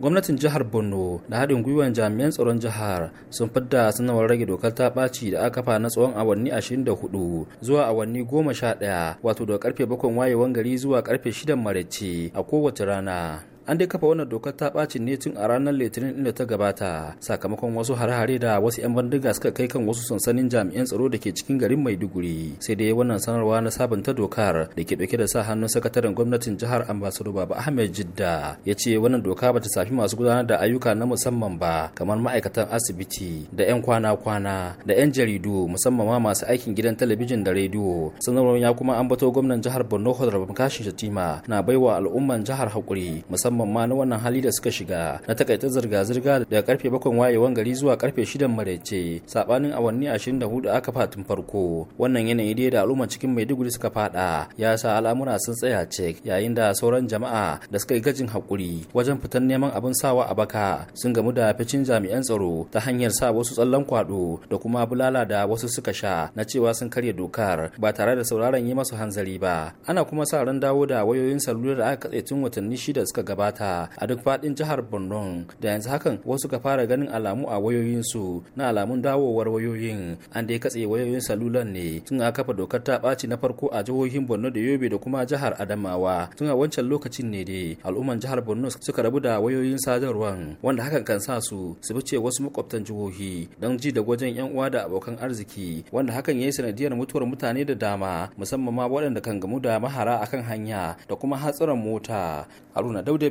gwamnatin jihar borno da haɗin gwiwar jami'an tsaron jihar sun fidda sanarwar rage dokar ta ɓaci da aka kafa na tsawon awanni 24 zuwa awanni 11 wato da karfe 7 wayewan gari zuwa karfe 6 maraice a kowace rana an dai kafa wannan dokar ta ɓaci ne tun a ranar litinin inda ta gabata sakamakon wasu hare-hare da wasu 'yan bandiga suka kai kan wasu sansanin jami'an tsaro da ke cikin garin maiduguri sai dai wannan sanarwa na sabunta dokar da ke dauke da sa hannun sakataren gwamnatin jihar ambasado baba ahmed jidda ya ce wannan doka ta safi masu gudanar da ayyuka na musamman ba kamar ma'aikatan asibiti da 'yan kwana-kwana da 'yan jaridu musamman ma masu aikin gidan talabijin da rediyo sanarwar ya kuma ambato gwamnan jihar borno da kashin shatima na baiwa al'umman jihar hakuri musamman musamman ma na wannan hali da suka shiga na takaita zirga-zirga daga karfe bakwai wayewan gari zuwa karfe shidan maraice sabanin awanni ashirin da hudu aka fatin farko wannan yanayi dai da al'umma cikin maiduguri suka fada ya sa al'amura sun tsaya cek yayin da sauran jama'a da suka yi gajin hakuri wajen fitan neman abin sawa a baka sun gamu da ficin jami'an tsaro ta hanyar sa wasu tsallan kwaɗo. da kuma bulala da wasu suka sha na cewa sun karya dokar ba tare da sauraron yi masu hanzari ba ana kuma sa ran dawo da wayoyin salula da aka katse tun watanni shida suka gaba gabata a duk faɗin jihar borno da yanzu hakan wasu ka fara ganin alamu a wayoyinsu na alamun dawowar wayoyin an dai katse wayoyin salulan ne tun a kafa dokar ta ɓaci na farko a jihohin borno da yobe da kuma jihar adamawa tun a wancan lokacin ne dai al'umman jihar borno suka rabu da wayoyin sadarwan wanda hakan kan sa su su ce wasu makwabtan jihohi don ji da gwajin yan uwa da abokan arziki wanda hakan ya yi sanadiyar mutuwar mutane da dama musamman ma waɗanda kan gamu da mahara akan hanya da kuma hatsuran mota haruna dauda